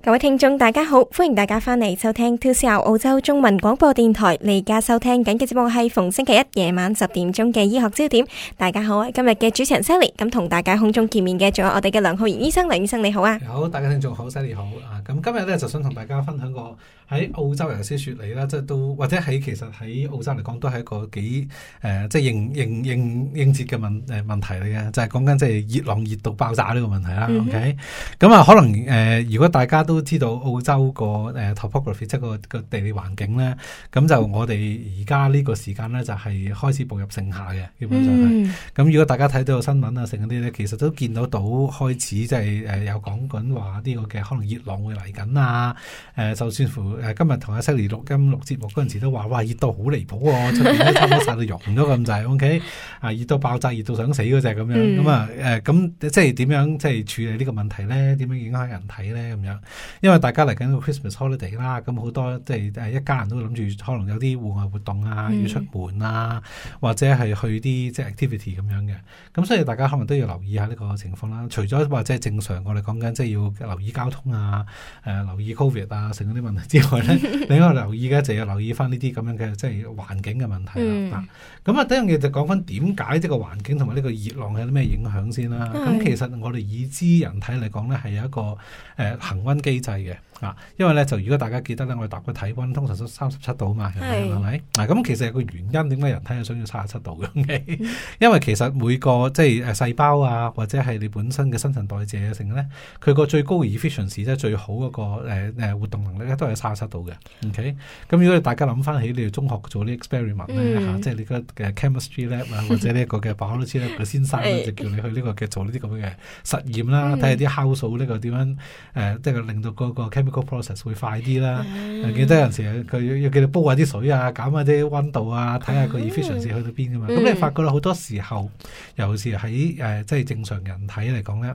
各位聽眾大家好，歡迎大家翻嚟收聽 To C o 澳洲中文廣播電台，你而家收聽緊嘅節目係逢星期一夜晚十點鐘嘅醫學焦點。大家好啊，今日嘅主持人 Sally，咁同大家空中見面嘅仲有我哋嘅梁浩然醫生，梁醫生你好啊。好，大家聽眾好，Sally 好啊。咁今日咧就想同大家分享個。喺澳洲尤其係雪梨啦，即、就、係、是、都或者喺其實喺澳洲嚟講，都係一個幾誒即係應應應應接嘅問誒問題嚟嘅，就係、是、講緊即係熱浪熱到爆炸呢個問題啦、嗯。OK，咁啊，可能誒、呃，如果大家都知道澳洲、呃 topography，那個 topography 即係個地理環境咧，咁就我哋而家呢個時間咧就係、是、開始步入盛夏嘅，基本上係。咁、嗯、如果大家睇到新聞啊，成啲咧，其實都見到到開始即係誒有講緊話呢個嘅可能熱浪會嚟緊啊。呃、就算乎。誒今日同阿悉尼錄音錄，錄節目嗰陣時都話，哇熱到好離譜喎，出面都差唔多曬到溶咗咁滯，O K？啊熱到爆炸，熱到想死嗰隻咁樣，咁啊誒咁即係點樣即係處理呢個問題咧？點樣影響人體咧？咁樣，因為大家嚟緊 Christmas holiday 啦，咁好多即係一家人都會諗住可能有啲戶外活動啊、嗯，要出門啊，或者係去啲即係 activity 咁樣嘅，咁所以大家可能都要留意下呢個情況啦。除咗或者係正常我，我哋講緊即係要留意交通啊，誒、呃、留意 COVID 啊，成嗰啲問題之。 你要留意嘅，就要留意翻呢啲咁樣嘅，即係環境嘅問題啦。咁、嗯、啊，第一樣嘢就講翻點解呢個環境同埋呢個熱浪係有啲咩影響先啦？咁其實我哋已知人體嚟講咧，係有一個誒恆溫機制嘅。啊、因為咧就如果大家記得咧，我哋嗰個體温通常都三十七度嘛，係咪？嗱，咁、啊、其實有個原因點解人體係想要三十七度嘅、okay? 嗯？因為其實每個即係細胞啊，或者係你本身嘅新陳代謝性咧，佢個最高 efficiency 即係最好嗰個、呃、活動能力咧，都係三十七度嘅。OK，咁、嗯、如果大家諗翻起你中學做啲 experiment 呢，嗯啊、即係你個 chemistry lab、嗯、或者呢個嘅 biology lab，佢先生咧 就叫你去呢、這個嘅做呢啲咁嘅實驗啦，睇下啲酵素呢、這個點樣、呃、即係令到嗰個 chemistry 個 process 會快啲啦、嗯，記得有陣時佢要記得煲下啲水啊，減下啲溫度啊，睇下個 efficiency 去到邊啊嘛。咁、嗯、你發覺咧，好多時候，尤其是喺誒、呃、即係正常人體嚟講咧，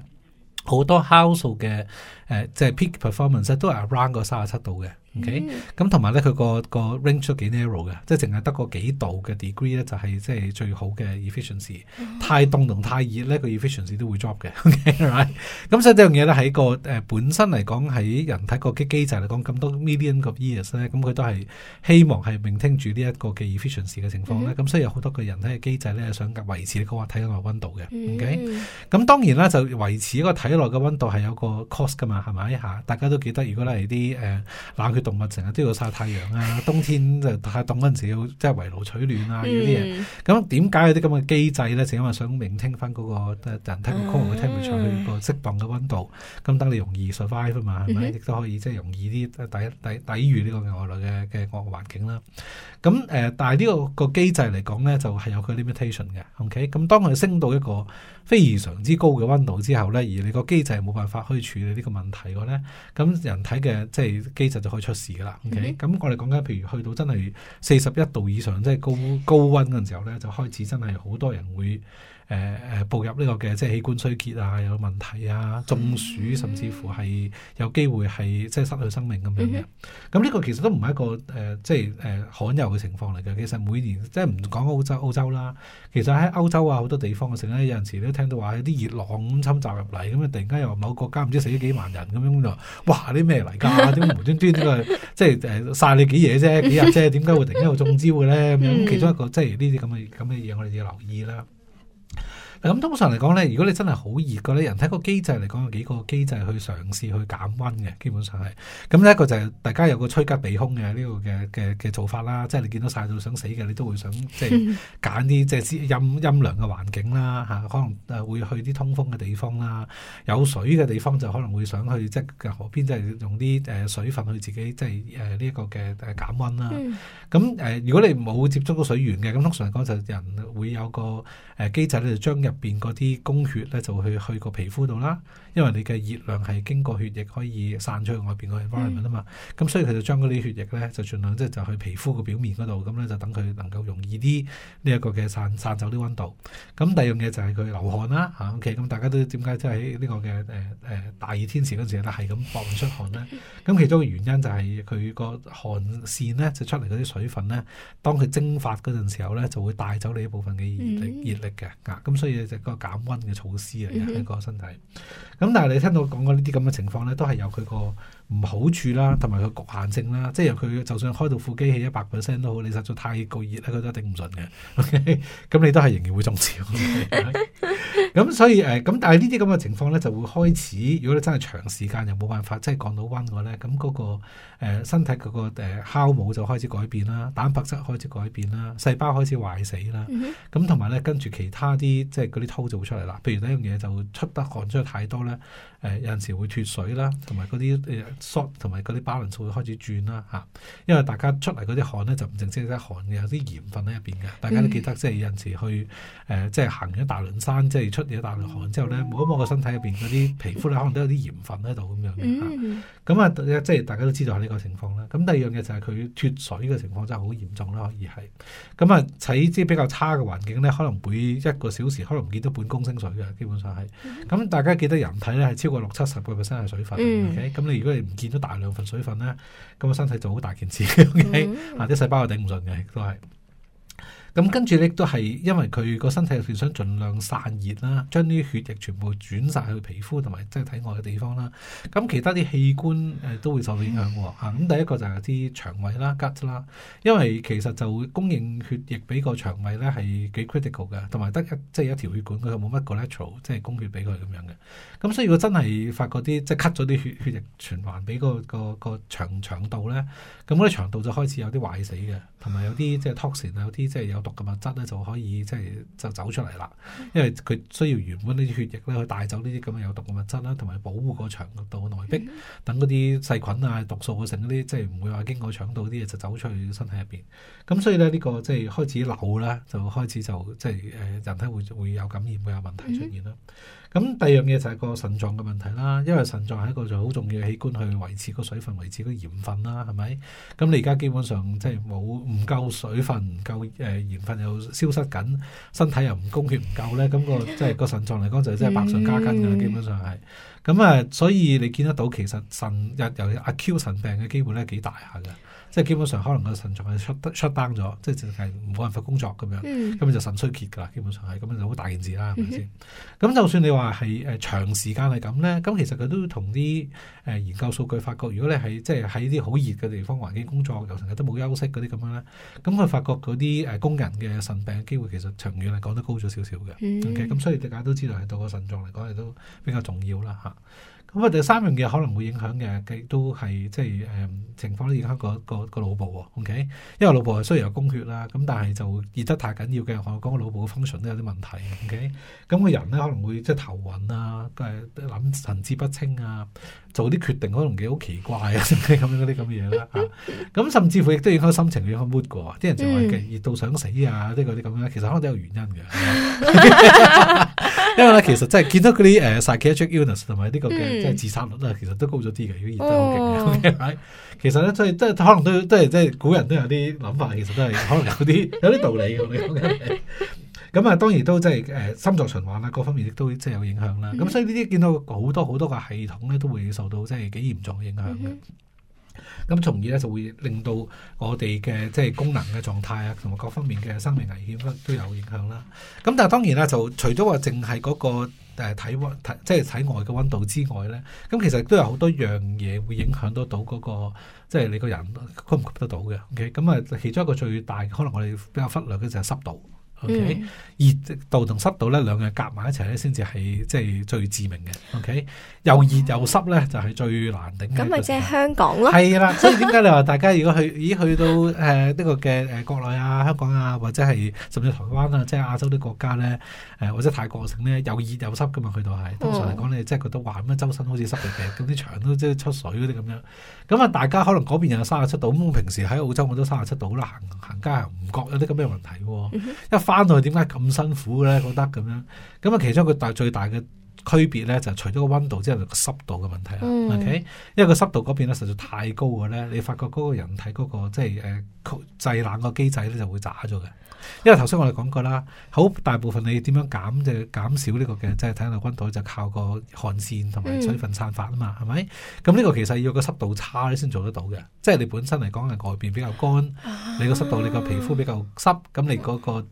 好多酵素嘅誒即係 peak performance 都係 around 個三十七度嘅。OK，咁同埋咧佢個個 range 都幾 narrow 嘅，即係淨係得個幾度嘅 degree 咧，就係即係最好嘅 efficiency。太凍同太熱咧，個 efficiency 都會 drop 嘅。OK，right？、Okay? 咁、嗯、所以呢樣嘢咧喺個、呃、本身嚟講喺人體個機制嚟講咁多 million of years 咧、嗯，咁佢都係希望係 maintain 住呢一個嘅 efficiency 嘅情況咧。咁、嗯嗯、所以有好多嘅人體嘅機制咧，想維持呢個體內溫度嘅。嗯 OK，咁、嗯嗯、當然啦，就維持個個體內嘅溫度係有個 cost 噶嘛，係咪嚇？大家都記得，如果係啲動物成日都要曬太陽啊，冬天就太凍嗰陣時要即係圍爐取暖啊這些東西，嗯嗯、這些呢啲嘢。咁點解有啲咁嘅機制咧？就因為想 maintain 翻嗰個人體個體溫去令佢處於個適當嘅溫度，咁、嗯、等、嗯、你容易 survive 嘛，係咪？亦、嗯、都可以即係容易啲抵抵抵，抵抵抵禦呢個外來嘅嘅惡環境啦。咁誒、呃，但係、這個這個、呢個個機制嚟講咧，就係、是、有佢 limitation 嘅。OK，咁當佢升到一個非常之高嘅溫度之後咧，而你個機制冇辦法去處理呢個問題嘅咧，咁人體嘅即係機制就可以出。事啦，咁、 okay? 我哋講緊，譬如去到真係四十一度以上，即係高高溫嘅時候咧，就開始真係好多人會。誒、呃、誒，步入呢、這個嘅即係器官衰竭啊，有問題啊，中暑甚至乎係有機會係即係失去生命咁樣嘅。咁、mm、呢 -hmm. 個其實都唔係一個誒、呃，即係誒、呃、罕有嘅情況嚟嘅。其實每年即係唔講歐洲，歐洲啦，其實喺歐洲啊好多地方嘅時候咧，有陣時都聽到話有啲熱浪咁侵襲入嚟，咁啊突然間又話某國家唔知死咗幾萬人咁樣就，哇！啲咩嚟噶？點無端端呢個即係誒曬你幾嘢啫，幾日啫？點 解會突然間又中招嘅咧？咁樣、mm -hmm. 其中一個即係呢啲咁嘅咁嘅嘢，我哋要留意啦。咁通常嚟講咧，如果你真係好熱嘅咧，人體個機制嚟講有幾個機制去嘗試去減溫嘅，基本上係咁呢一個就係大家有個趨吉避凶嘅呢個嘅嘅嘅做法啦。即係你見到曬到想死嘅，你都會想即係揀啲即係陰陰涼嘅環境啦吓、啊，可能誒會去啲通風嘅地方啦，有水嘅地方就可能會想去即係河邊，即係用啲誒水分去自己即係誒呢一個嘅誒減溫啦。咁、嗯、誒、呃、如果你冇接觸到水源嘅，咁通常嚟講就人會有個。誒機制咧就將入邊嗰啲供血咧就會去去個皮膚度啦，因為你嘅熱量係經過血液可以散出去外邊個 environment 啊嘛，咁、嗯、所以佢就將嗰啲血液咧就儘量即係、就是、就去皮膚個表面嗰度，咁咧就等佢能夠容易啲呢一個嘅散散走啲溫度。咁第二樣嘢就係佢流汗啦，嚇、啊，OK，咁大家都點解即係喺呢個嘅誒誒大熱天時嗰陣時咧係咁搏命出汗咧？咁其中嘅原因就係佢個汗腺咧就出嚟嗰啲水分咧，當佢蒸發嗰陣時候咧就會帶走你一部分嘅熱力熱力。嗯熱力嘅、啊，咁所以就嗰個減溫嘅措施啊，一、mm、個 -hmm. 身體。咁但係你聽到講過呢啲咁嘅情況咧，都係有佢個唔好處啦，同埋個局限性啦。即係佢就算開到副機器一百 percent 都好，你實在太過熱咧，佢都頂唔順嘅。咁、okay？你都係仍然會中招。Okay? 咁所以誒，咁但係呢啲咁嘅情況咧，就會開始。如果你真係長時間又冇辦法即係降到溫個咧，咁嗰個身體嗰個酵母就開始改變啦，蛋白質開始改變啦，細胞開始壞死啦。咁同埋咧，跟住其他啲即係嗰啲偷就會出嚟啦。譬如呢一樣嘢就出得汗出得太多咧，有陣時會脫水啦，同埋嗰啲誒 t 同埋嗰啲 balance 會開始轉啦吓。因為大家出嚟嗰啲汗咧就唔淨止係啲汗嘅，有啲鹽分喺入邊嘅。大家都記得即係有陣時去誒，即係行咗大嶺山，即係出。有大量汗之後咧，摸一摸個身體入邊嗰啲皮膚咧，可能都有啲鹽分喺度咁樣嘅嚇。咁、嗯、啊，即係大家都知道係呢個情況啦。咁第二樣嘢就係佢脱水嘅情況真係好嚴重啦，可以係咁啊喺即係比較差嘅環境咧，可能每一個小時可能唔見到半公升水嘅，基本上係。咁大家記得人體咧係超過六七十個 percent 係水分嘅。咁、嗯 okay? 你如果係唔見到大量份水分咧，咁個身體就好大件事嘅。嚇、okay? 啲、嗯啊、細胞係頂唔順嘅，亦都係。咁跟住咧，都係因為佢個身體係想盡量散熱啦，將啲血液全部轉晒去皮膚同埋即係體外嘅地方啦。咁其他啲器官誒都會受影響喎嚇。咁第一個就係啲腸胃啦，gut 啦，因為其實就會供應血液俾個腸胃咧係幾 critical 嘅，同埋得即係一條血管佢冇乜 collateral 即係供血俾佢咁樣嘅。咁所以如果真係發覺啲即係 cut 咗啲血血液循環俾個個個腸腸道咧，咁嗰啲腸道就開始有啲壞死嘅，同埋有啲即係 toxin 啊，有啲即係有。毒嘅物質咧就可以即係就走出嚟啦，因為佢需要原本呢啲血液咧去帶走呢啲咁嘅有毒嘅物質啦，同埋保護個腸道內壁，等嗰啲細菌啊、毒素成嗰啲即係唔會話經過腸道啲嘢就走出去身體入邊。咁所以咧呢這個即係開始扭咧，就開始就即係誒人體會會有感染會有問題出現啦。咁第二樣嘢就係個腎臟嘅問題啦，因為腎臟係一個就好重要嘅器官去維持個水分、維持嗰鹽分啦是是，係咪？咁你而家基本上即係冇唔夠水分、唔夠誒。呃鹽分又消失緊，身體又唔供血唔夠咧，咁、那個即係個腎臟嚟講就真係百上加斤噶啦，基本上係。咁啊，所以你見得到其實腎又尤其是阿 Q 腎病嘅機會咧幾大下噶。即係基本上可能個腎臟係出出 down 咗，即係淨係冇辦法工作咁樣，咁、嗯、樣就腎衰竭㗎啦。基本上係咁樣就好大件事啦，係咪先？咁、嗯、就算你話係誒長時間係咁咧，咁其實佢都同啲研究數據發覺，如果你係即係喺啲好熱嘅地方環境工作，又成日都冇休息嗰啲咁樣咧，咁佢發覺嗰啲工人嘅腎病嘅機會其實長遠嚟講都高咗少少嘅。咁、嗯 okay? 所以大家都知道係到個腎臟嚟講係都比較重要啦。咁啊第三樣嘢可能會影響嘅，都係即係情況咧、嗰個。個腦部喎，OK，因為老婆啊雖然有供血啦，咁但係就熱得太緊要嘅，我講個腦部嘅 function 都有啲問題，OK，咁個人咧可能會即係頭暈啊，都係諗神志不清啊，做啲決定可能幾好奇怪啊，咁樣嗰啲咁嘅嘢啦，咁甚至乎亦都要佢心情嘅個 mood 過，啲人就話熱到想死啊，即嗰啲咁樣，其實可能都有原因嘅， 因為咧其實即、就、係、是、見到嗰啲誒 psychiatric illness 同埋呢個嘅即係自殺率啊，其實都高咗啲嘅，如果熱得好勁，OK，、哦、其實咧即係都可能都。都都係即係古人都有啲諗法，其實都係可能有啲有啲道理咁樣嘅。咁啊，當然都即係誒，心臟循環啦，各方面亦都即係有影響啦。咁、mm -hmm. 所以呢啲見到好多好多個系統咧，都會受到即係幾嚴重嘅影響嘅。咁、mm-hmm. 從而咧就會令到我哋嘅即係功能嘅狀態啊，同埋各方面嘅生命危險都有影響啦。咁但係當然啦，就除咗話淨係嗰個誒體溫，即係體外嘅溫度之外咧，咁其實都有好多樣嘢會影響得到嗰、那個。即係你個人吸唔吸得到嘅，OK，咁啊，其中一個最大嘅可能我哋比較忽略嘅就係濕度。O、okay? 嗯、熱度同濕度咧兩樣夾埋一齊咧，先至係即係最致命嘅。O、okay? K，又熱又濕咧，就係、是、最難頂嘅。咁咪即係香港咯？係啦，所 以點解你話大家如果去咦去到誒呢個嘅誒國內啊、香港啊，或者係甚至台灣啊，即係亞洲啲國家咧，誒或者泰國嗰陣咧，又熱又濕㗎嘛？去到係、哦、通常嚟講咧，即係覺得滑咁周身好似濕嘅，咁 啲牆都即係出水嗰啲咁樣。咁啊，大家可能嗰邊又三十七度，咁我平時喺澳洲我都三十七度啦，行行街又唔覺有啲咁嘅問題喎，嗯翻去點解咁辛苦咧？覺得咁樣，咁啊，其中一個最大嘅區別咧，就係除咗個温度之外，就濕度嘅問題啦。嗯、o、okay? K，因為個濕度嗰邊咧，實在太高嘅咧，你發覺嗰個人體嗰、嗰個即係、呃制冷個機制咧就會差咗嘅，因為頭先我哋講過啦，好大部分你點樣減就減少呢個嘅，即、就、係、是、體能溫度，就靠個汗腺同埋水分散發啊嘛，係、嗯、咪？咁呢個其實要個濕度差你先做得到嘅，即係你本身嚟講係外邊比較乾，你個濕度你個皮膚比較濕，咁、啊、你嗰個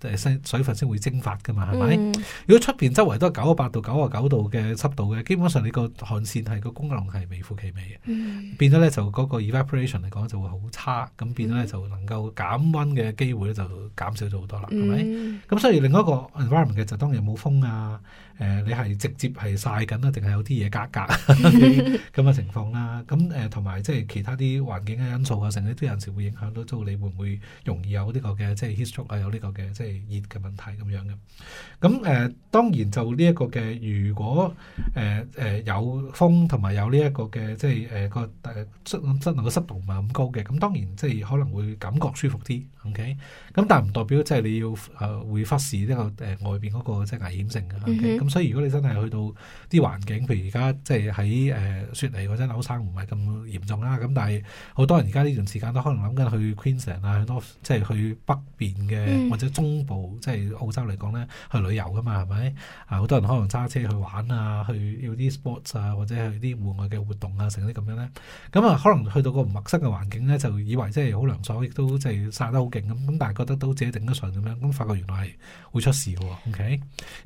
水分先會蒸發嘅嘛，係咪？嗯、如果出邊周圍都係九啊八度、九啊九度嘅濕度嘅，基本上你個汗腺係、那個功能係微乎其微嘅，嗯、變咗咧就嗰個 evaporation 嚟講就會好差，咁變咗咧就能夠，減溫嘅機會咧就減少咗好多啦，係、嗯、咪？咁所以另外一個 environment 嘅就當然冇風啊。誒、呃、你係直接係晒緊啊，定係有啲嘢格格咁嘅 情況啦？咁誒同埋即係其他啲環境嘅因素啊，成日都有陣時會影響到租，你會唔會容易有呢個嘅即係 heat shock 啊，有呢個嘅即係熱嘅問題咁樣嘅？咁誒、呃、當然就呢一個嘅，如果誒誒、呃呃、有風同埋有呢一個嘅即係誒個誒質能嘅濕度唔係咁高嘅，咁當然即係可能會感覺舒服啲。OK，咁但係唔代表即係你要誒、呃、會忽視呢、這個誒、呃、外邊嗰個即係危險性嘅。OK，咁。嗯、所以如果你真係去到啲環境，譬如而家即係喺誒雪梨或者紐省唔係咁嚴重啦、啊。咁但係好多人而家呢段時間都可能諗緊去 Queensland 啊，即係去北邊嘅或者中部，即係澳洲嚟講咧，去旅遊噶嘛，係咪？啊，好多人可能揸車去玩啊，去要啲 sports 啊，或者去啲戶外嘅活動啊，成啲咁樣咧。咁啊，可能去到個唔陌生嘅環境咧，就以為即係好涼爽，亦都即係曬得好勁咁。咁但係覺得都自己頂得順咁樣，咁發覺原來係會出事喎。OK，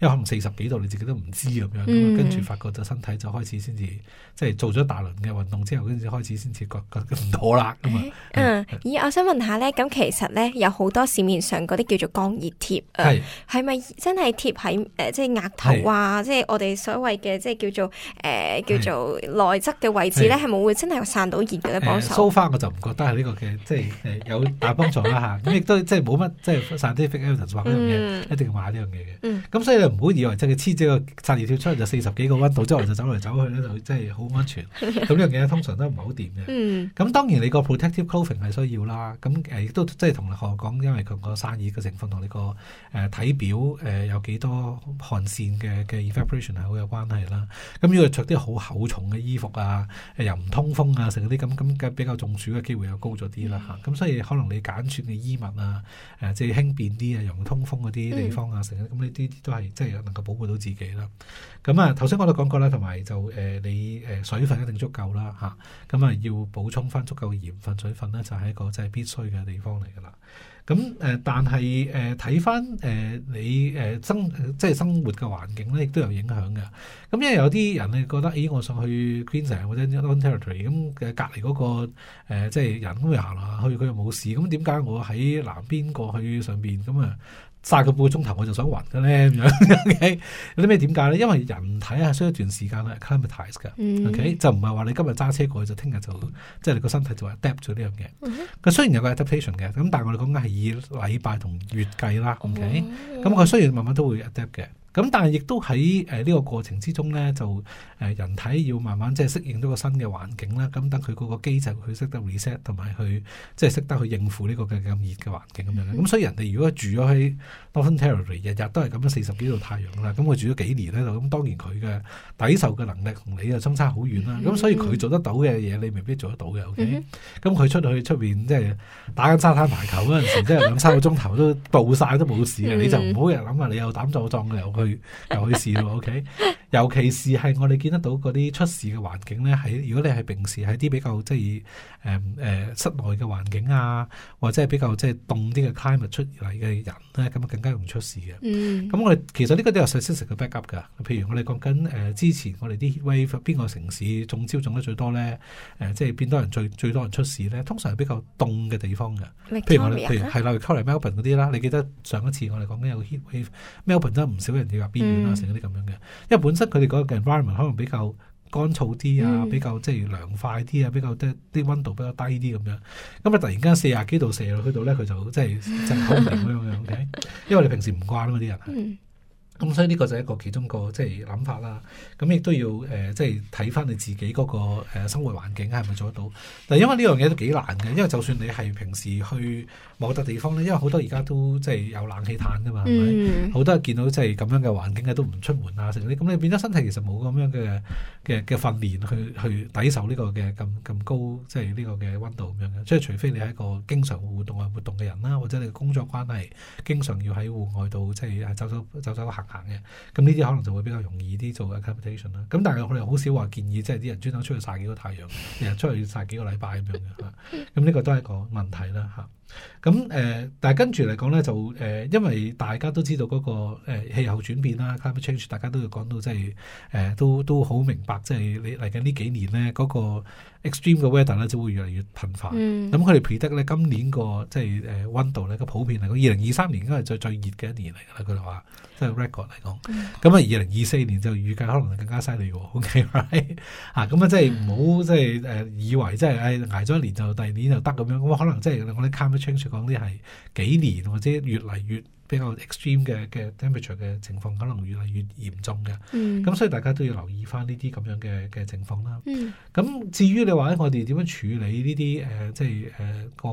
因為可能四十幾度。自己都唔知咁樣，咁跟住發覺就身體就開始先至，即、嗯、係、嗯、做咗一大輪嘅運動之後，跟住開始先至覺覺唔妥啦咁啊。嗯，咦，嗯嗯、我想問下咧，咁其實咧有好多市面上嗰啲叫做光熱貼啊，係咪真係貼喺誒即係額頭啊？即係我哋所謂嘅即係叫做誒、呃、叫做內側嘅位置咧，係咪會真係散到熱嘅幫手？收翻、嗯、我就唔覺得係呢個嘅， 即係誒有大幫助啦嚇。咁亦都即係冇乜即係散啲 h e 嘢一定要買呢樣嘢嘅。咁、嗯、所以你唔好以為真係黐。即、就、係、是、擦而跳出嚟就四十幾個溫度，即 係就走嚟走去咧，就即係好唔安全。咁 呢樣嘢通常都唔係好掂嘅。咁、嗯、當然你個 protective clothing 係需要啦。咁誒亦都即係同學講，因為佢個生意嘅情況同你個誒體表誒、呃、有幾多汗腺嘅嘅 evaporation 係好有關係啦。咁如果著啲好厚重嘅衣服啊，又唔通風啊，成啲咁咁嘅比較中暑嘅機會又高咗啲啦嚇。咁、嗯、所以可能你揀穿嘅衣物啊，誒即係輕便啲啊，容易通風嗰啲地方啊，成咁呢啲都係即係能夠保護到。自己啦，咁啊，頭先我都講過啦，同埋就誒、呃，你誒，水分一定足夠啦吓，咁啊，要補充翻足夠鹽分、水分咧，就係、是、一個真係必須嘅地方嚟噶啦。咁、嗯、但係睇返你生、呃、即係生活嘅環境呢，亦都有影響㗎。咁因為有啲人咧覺得，咦、欸，我想去 Queensland 或者 Northern Territory，咁、嗯、隔離嗰、那個、呃、即係人會行啊，下去佢又冇事，咁點解我喺南邊過去上面咁啊揸個半個鐘頭我就想暈㗎呢？咁樣 OK，有啲咩點解呢？因為人體係需要一段時間嚟 climatis 嘅，OK，就唔係話你今日揸車過去就聽日就即係、嗯就是、你個身體就話 adapt 咗呢樣嘢。佢、嗯、雖然有個 adaptation 嘅，咁但係我哋講緊係。以禮拜同月計啦，OK，咁佢雖然慢慢都會 adapt 嘅。咁但係亦都喺呢個過程之中咧，就人體要慢慢即係適應到個新嘅環境啦。咁等佢嗰個機制佢識得 reset 同埋去即係識得去應付呢個嘅咁熱嘅環境咁樣，咁所以人哋如果住咗喺 Northern Territory，日日都係咁樣四十幾度太陽啦。咁佢住咗幾年呢，咁當然佢嘅抵受嘅能力同你就相差好遠啦。咁、嗯、所以佢做得到嘅嘢，你未必做得到嘅。OK，咁、嗯、佢出去出面、就是，即係打緊沙灘排球嗰陣時，即係兩三個鐘頭都暴曬都冇事嘅、嗯。你就唔好日諗啊，你有膽就撞嘅。去有 OK 尤其是係我哋見得到嗰啲出事嘅環境咧，喺如果你係平時喺啲比較即係誒誒室內嘅環境啊，或者係比較即係凍啲嘅 climate 出嚟嘅人咧，咁啊更加容易出事嘅。咁、嗯、我哋其實呢個都是有 system 嘅 back up 嘅。譬如我哋講緊誒之前我哋啲 heatwave 邊個城市中招中得最多咧？誒、呃、即係變多人最最多人出事咧，通常係比較凍嘅地方嘅。譬如我哋，譬如係例如 Queensland 嗰啲啦，你記得上一次我哋講緊有 heatwave，Melbourne 都唔少人。你話比較邊緣啊，成嗰啲咁樣嘅、嗯，因為本身佢哋嗰個 environment 可能比較乾燥啲啊、嗯、啊，比較即係涼快啲啊，比較即係啲温度比較低啲咁樣，咁啊突然間四十幾度射落去度咧，佢就即係真空唔明咁樣嘅， okay? 因為你平時唔慣啊嘛啲人。嗯咁、嗯、所以呢個就係一個其中一個即係諗法啦。咁、嗯、亦都要誒、呃，即係睇翻你自己嗰、那個、呃、生活環境係咪做得到？但，因為呢樣嘢都幾難嘅，因為就算你係平時去某笪地方咧，因為好多而家都即係有冷氣嘆㗎嘛，係咪？好、嗯、多人見到即係咁樣嘅環境咧，都唔出門啊，你成啲咁咧變咗身體其實冇咁樣嘅嘅嘅訓練去去抵受呢個嘅咁咁高即係呢個嘅温度咁樣嘅。即係除非你係一個經常活動啊活動嘅人啦，或者你嘅工作關係經常要喺戶外度，即係走走走走行。行嘅，咁呢啲可能就會比較容易啲做嘅 capitation 啦。咁但係我哋好少話建議，即係啲人專登出去曬幾個太陽，日日出去曬幾個禮拜咁樣嘅嚇。咁呢個都係個問題啦嚇。咁誒、呃，但係跟住嚟講咧，就誒、呃，因為大家都知道嗰、那個誒、呃、氣候轉變啦，climate change，大家都要講到即係誒，都都好明白，即係你嚟緊呢幾年咧，嗰、那個 extreme 嘅 weather 就會越嚟越頻繁。咁佢哋 predict 咧，今年個即係誒溫度咧，個普遍嚟講，二零二三年應該係最最熱嘅一年嚟噶啦，佢哋話，即係 record 嚟講。咁、嗯、啊，二零二四年就預計可能更加犀利。OK，、嗯、吓，咁 啊，即係唔好即係誒以為即係誒挨咗一年就第二年就得咁樣，咁可能即係我清楚講啲係幾年，或者越嚟越。比較 extreme 嘅嘅 temperature 嘅情況，可能越嚟越嚴重嘅。咁、嗯、所以大家都要留意返呢啲咁樣嘅嘅情況啦。咁、嗯、至於你話咧，我哋點樣處理呢啲誒，即係誒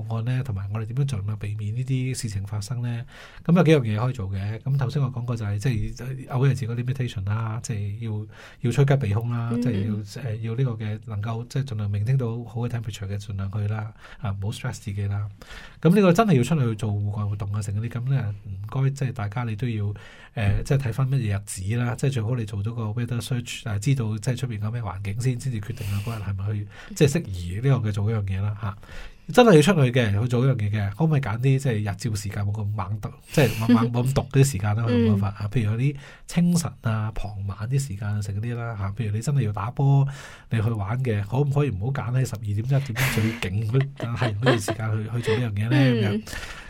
個案咧，同埋我哋點樣盡量避免呢啲事情發生咧？咁、嗯、有幾樣嘢可以做嘅。咁頭先我講過就係即係偶爾自己個 limitation 啦，即、就、係、是、要要趨吉避凶啦，即、嗯、係、就是、要、呃、要呢個嘅能夠即係、就是、盡量明聽到好嘅 temperature 嘅，儘量去啦，啊唔好 stress 自己啦。咁、嗯、呢、嗯、個真係要出去做戶外活動啊，成啲咁咧。唔該，即係大家你都要誒，即係睇翻乜嘢日子啦，即係最好你做咗個 weather search，誒知道即係出邊有咩環境先，先至決定啊嗰日係咪去，即係適宜呢樣嘅做呢樣嘢啦嚇。真係要出去嘅去做呢樣嘢，嘅，可唔可以揀啲即係日照時間冇咁猛毒，即係猛猛咁、嗯、毒啲時間咧去冇辦法啊？譬如有啲清晨啊、傍晚啲時間食嗰啲啦，吓、啊，譬如你真係要打波，你去玩嘅，可唔可以唔好揀喺十二點一點最勁嗰啲係嗰啲時間去去做呢樣嘢呢、嗯、這樣嘢咧？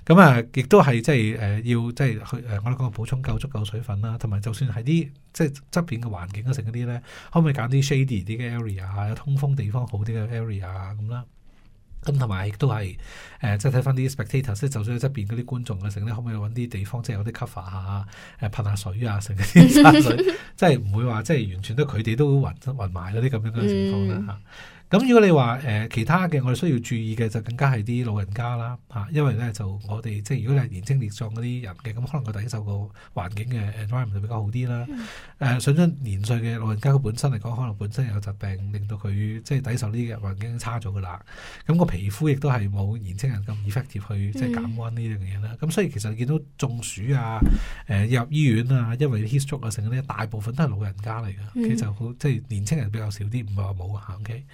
咁咁啊，亦都係即係誒，要即係去誒，我哋講補充夠足夠水分啦，同埋就算喺啲即係側邊嘅環境啊，食嗰啲咧，可唔可以揀啲 shady 啲嘅 area 通風地方好啲嘅 area 咁啦、啊？咁同埋亦都係，即係睇翻啲 spectators，即係就算喺側邊嗰啲觀眾嘅成咧，可唔可以揾啲地方，即係有啲 cover 下、啊，誒噴下水啊，成啲沙水， 即係唔會話即係完全都佢哋都暈暈埋嗰啲咁樣嘅情況啦、啊、嚇。嗯咁如果你話、呃、其他嘅，我哋需要注意嘅就更加係啲老人家啦，因為咧就我哋即係如果你係年青力壯嗰啲人嘅，咁可能佢抵受個環境嘅 environment 比較好啲啦。誒、嗯，上、呃、咗年歲嘅老人家佢本身嚟講，可能本身有疾病，令到佢即係抵受呢嘅環境差咗噶啦。咁、那個皮膚亦都係冇年青人咁 effective 去即係減温呢樣嘢啦。咁、嗯、所以其實見到中暑啊、呃、入醫院啊，因為 heat stroke 啊剩嗰啲，大部分都係老人家嚟嘅、嗯，其實好即係年青人比較少啲，唔係話冇啊。OK。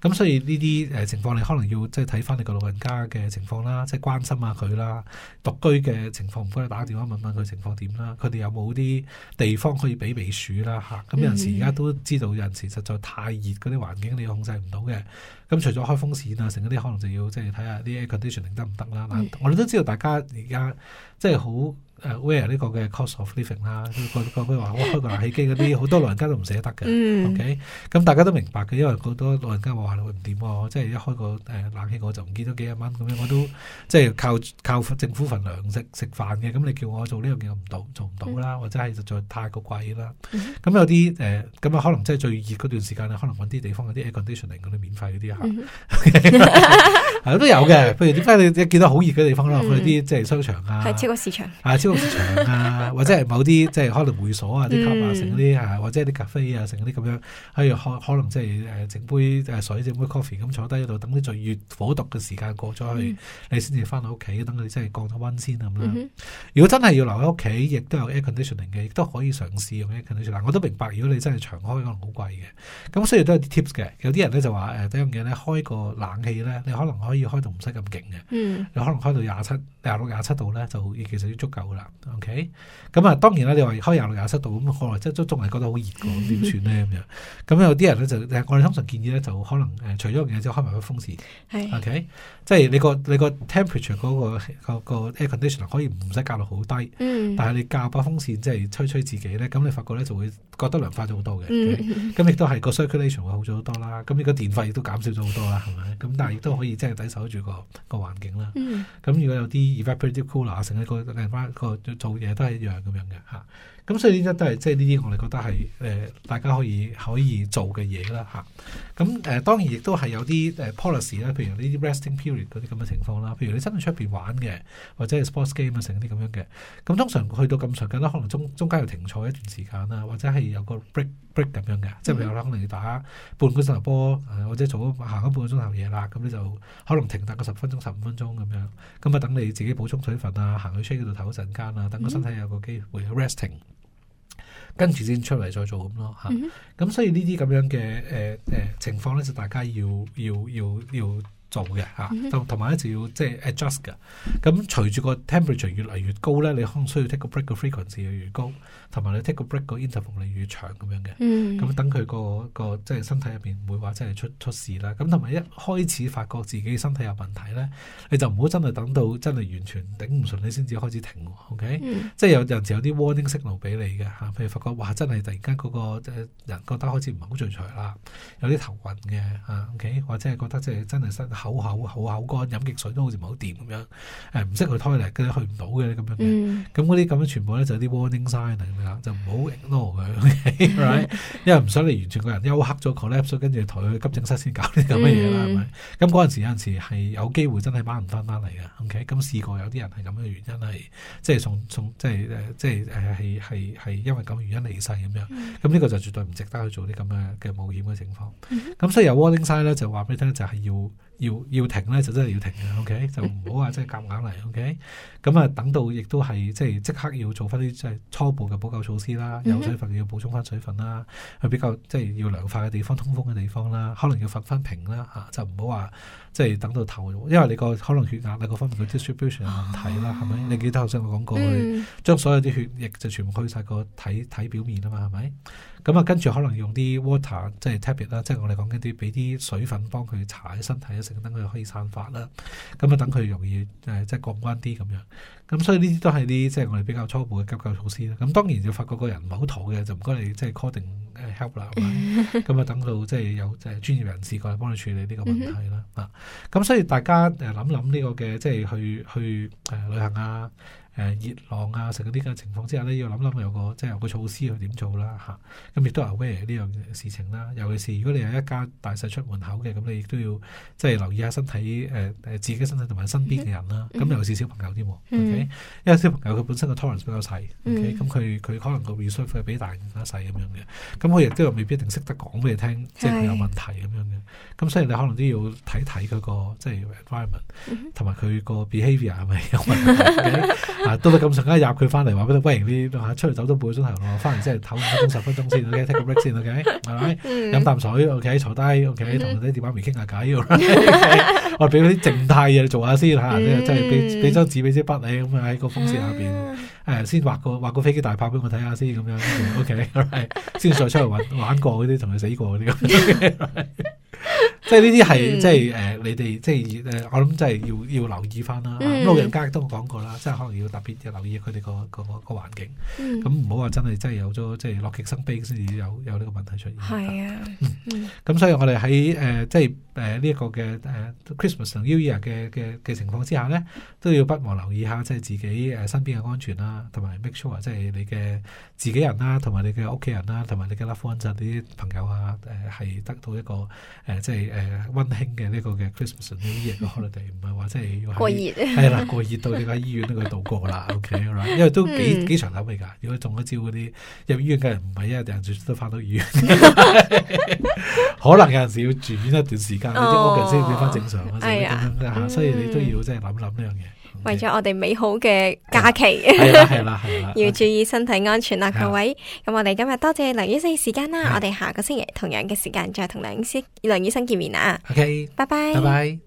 咁所以呢啲情況，你可能要即係睇翻你個老人家嘅情況啦，即係關心下佢啦。獨居嘅情況，唔該你打電話問問佢情況點啦。佢哋有冇啲地方可以俾避暑啦？嚇！咁有陣時而家都知道，有陣時實在太熱嗰啲環境你控制唔到嘅。咁除咗開風扇啊，成嗰啲可能就要即係睇下啲 conditioning 得唔得啦。Mm -hmm. 我哋都知道大家而家即係好。誒、uh, wear 呢個嘅 cost of living 啦，個個譬如話開個冷氣機嗰啲，好 多老人家都唔捨得嘅。Mm -hmm. OK，咁、嗯、大家都明白嘅，因為好多老人家話、啊：，我唔掂喎，即係一開個誒、呃、冷氣，我就唔見到幾十蚊咁樣。我都即係靠靠政府份糧食食飯嘅。咁你叫我做呢樣嘢唔到，做唔到啦，或者係實在太過貴啦。咁、mm -hmm. 嗯、有啲誒，咁、呃、啊可能即係最熱嗰段時間，可能揾啲地方有啲 air conditioning 嗰啲免費嗰啲嚇，係、mm、都 -hmm. okay? 有嘅。譬如點解你見到好熱嘅地方啦，去、mm、啲 -hmm. 即係商場啊，係超過市場、啊商場啊，或者係某啲即係可能會所啊，啲 club 啊，成嗰啲或者啲咖啡啊，成嗰啲咁樣，可以、就是，可能即係誒整杯水整杯 coffee 咁坐低喺度，等啲仲越火毒嘅時間過咗去，嗯、你先至翻到屋企，等佢即係降咗溫先咁啦、嗯。如果真係要留喺屋企，亦都有 air conditioning 嘅，亦都可以嘗試用 air conditioning。我都明白，如果你真係長開，可能好貴嘅。咁雖然都有啲 tips 嘅，有啲人咧就話第一樣嘢咧開個冷氣咧，你可能可以開到唔使咁勁嘅。嗯，你可能開到廿七、廿六、廿七度咧，就其實已經足夠。OK 咁啊，當然啦，你話開廿六廿七度咁，我即係都仲係覺得好熱嘅，點算咧咁樣？咁 有啲人咧就，我哋通常建議咧就可能誒，除咗嘢之後開埋、okay? 那個、那個那個嗯、風扇，OK，即係你個你個 temperature 嗰個個 air conditioning 可以唔使降到好低，但係你教把風扇即係吹吹自己咧，咁你發覺咧就會覺得涼快咗好多嘅，咁亦都係個 circulation 會好咗好多啦，咁呢個電費亦都減少咗好多啦，係咪？咁但係亦都可以即係抵受住、那個個環境啦，咁、嗯嗯嗯嗯、如果有啲 evaporative cooler 成、那個、那個做嘢都係一樣咁樣嘅嚇，咁、啊、所以呢啲都係即係呢啲我哋覺得係、呃、大家可以可以做嘅嘢啦嚇。咁、啊、誒、呃、當然亦都係有啲 policy 啦，譬如呢啲 resting period 嗰啲咁嘅情況啦，譬如你真係出面玩嘅，或者係 sports game 等等啊成啲咁樣嘅。咁通常去到咁長嘅咧，可能中中間又停坐一段時間啦，或者係有個 break break 咁樣嘅，mm -hmm. 即係譬如可能你打半個鐘頭波，或者做咗行咗半個鐘頭嘢啦，咁、啊、你就可能停等個十分鐘十五分鐘咁樣，咁啊就等你自己補充水分啊，行去吹嗰度唞陣。間啦，等個身體有個機會、mm -hmm. resting，跟住先出嚟再做咁咯吓。咁、mm -hmm. 所以這這、呃呃、呢啲咁樣嘅誒誒情況咧，就大家要要要要。要要嘅 就同埋一就要即係 adjust 嘅。咁隨住個 temperature 越嚟越高咧，你可能需要 take 個 break 個 frequency 越嚟越高，同埋你 take 個 break 個 interval 越嚟越長咁樣嘅。咁等佢、嗰個即係身體入面唔會話真係出出事啦。咁同埋一開始發覺自己身體有問題咧，你就唔好真係等到真係完全頂唔順你先至開始停。O、okay? K， 即係有陣時有啲 warning signal 俾你嘅吓，譬如發覺哇真係突然間嗰即係人覺得開始唔係好聚財啦，有啲頭暈嘅吓 O K，或者係覺得即係真係身口口口口乾，飲極水都好似唔好掂咁樣，誒唔識去 toilet 去唔到嘅咁樣嘅，咁嗰啲咁樣全部咧就有啲 warning sign 嚟㗎，就唔好 ignore 佢、okay，right? 因為唔想你完全個人休克咗 collapse 跟住抬去急症室先搞啲咁嘅嘢啦，係、嗯、咪？咁嗰陣時有陣時係有機會真係掹唔翻翻嚟嘅 OK，咁試過有啲人係咁嘅原因係即係即係誒即係誒係係係因為咁嘅原因離世咁樣，咁、嗯、呢個就絕對唔值得去做啲咁嘅嘅冒險嘅情況。咁、嗯、所以有 warning sign 咧就話俾你聽，就係、就是、要。要要停咧，就真係要停嘅，OK？就唔好話即係夾硬嚟，OK？咁啊，等到亦都係、就是、即係即刻要做翻啲即係初步嘅補救措施啦，有水分要補充翻水分啦，去、mm-hmm. 比較即係、就是、要涼化嘅地方、通風嘅地方啦，可能要瞓翻平啦吓，就唔好話即係等到頭，因為你個可能血壓嗰方面嘅 distribution 有問題啦，係咪？mm-hmm。你記得頭先我講過，將所有啲血液就全部去晒個體體表面啊嘛，係咪？咁啊，跟住可能用啲 water 即係 tablet 啦，即係我哋講緊啲俾啲水分幫佢搽喺身體。等佢可以散發啦，咁啊等佢容易誒即係降溫啲咁樣，咁所以呢啲都係啲即係我哋比較初步嘅急救措施啦。咁當然要發覺個人唔係好妥嘅，就唔該你即係 call 定 help 啦，咁、就、啊、是、 等到即係、就是、有即係、就是、專業人士過嚟幫你處理呢個問題啦。啊、嗯，咁所以大家誒諗諗呢個嘅即係去去誒、呃、旅行啊。誒熱浪啊，成啲嘅情況之下咧，要諗諗有個即係個措施去點做啦嚇。咁、啊、亦都係 aware 呢樣事情啦。尤其是如果你係一家大細出門口嘅，咁你亦都要即係留意下身體誒誒、呃、自己身體同埋身邊嘅人啦。咁、嗯、尤其是小朋友添、啊，嗯 okay? 因為小朋友佢本身個 tolerance 比較細，咁佢佢可能個 reserve 會比大家更細咁樣嘅。咁佢亦都未必一定識得講俾你聽，即係佢有問題咁樣嘅。咁所以你可能都要睇睇佢個即係 environment 同埋佢個 behaviour 係咪有問題。 啊、到到咁上下入佢翻嚟，話俾佢：喂，你出去走多半個鐘頭咯，翻嚟先唞十分鐘先，OK，take 個 break 先，OK，係咪？飲啖水，OK，坐低，OK，同啲電話咪傾下偈，okay? 嗯 right? okay? 我俾嗰啲靜態嘢做下先嚇，即係俾俾張紙俾支筆你咁啊喺個風扇下邊誒、嗯啊，先畫個畫個飛機大炮俾我睇下先咁樣，OK，right? 先再出去玩玩過嗰啲，同佢死過嗰啲。Okay? Right? 即係呢啲係，即係誒、呃、你哋，即係誒、呃、我諗，即係要要留意翻啦。老、嗯啊、人家亦都講過啦，即係可能要特別要留意佢哋個個個環境。咁唔好話真係，真係有咗即係樂極生悲先至有有呢個問題出現。係啊，咁、啊嗯嗯、所以我哋喺誒即係誒呢一個嘅誒 Christmas 同 New Year 嘅嘅嘅情況之下咧，都要不忘留意下即係自己誒身邊嘅安全啦，同埋 make sure 即係你嘅自己人啦，同埋你嘅屋企人啦，同埋你嘅 loved ones 嗰啲朋友啊，誒、呃、係得到一個誒、呃、即係。誒溫馨嘅呢個嘅 Christmas 呢個 New Year 嘅 holiday，唔係話即係要係係啦，過熱到你喺醫院都要度過啦 ？OK，、right？因為都幾、嗯、幾長頭嘅，如果中咗招嗰啲入醫院嘅人唔係一日定，全部都翻到醫院， 可能有陣時要住院一段時間，啲屋人先變翻正常咁、哎、所以你都要即係諗諗呢樣嘢。為咗我哋美好嘅假期，係啦係啦係啦， 要注意身體安全啦，各位。咁我哋今日多謝梁醫生嘅時間啦，我哋下個星期同樣嘅時間再同梁醫生、梁醫生見面啦。OK，拜拜，拜拜。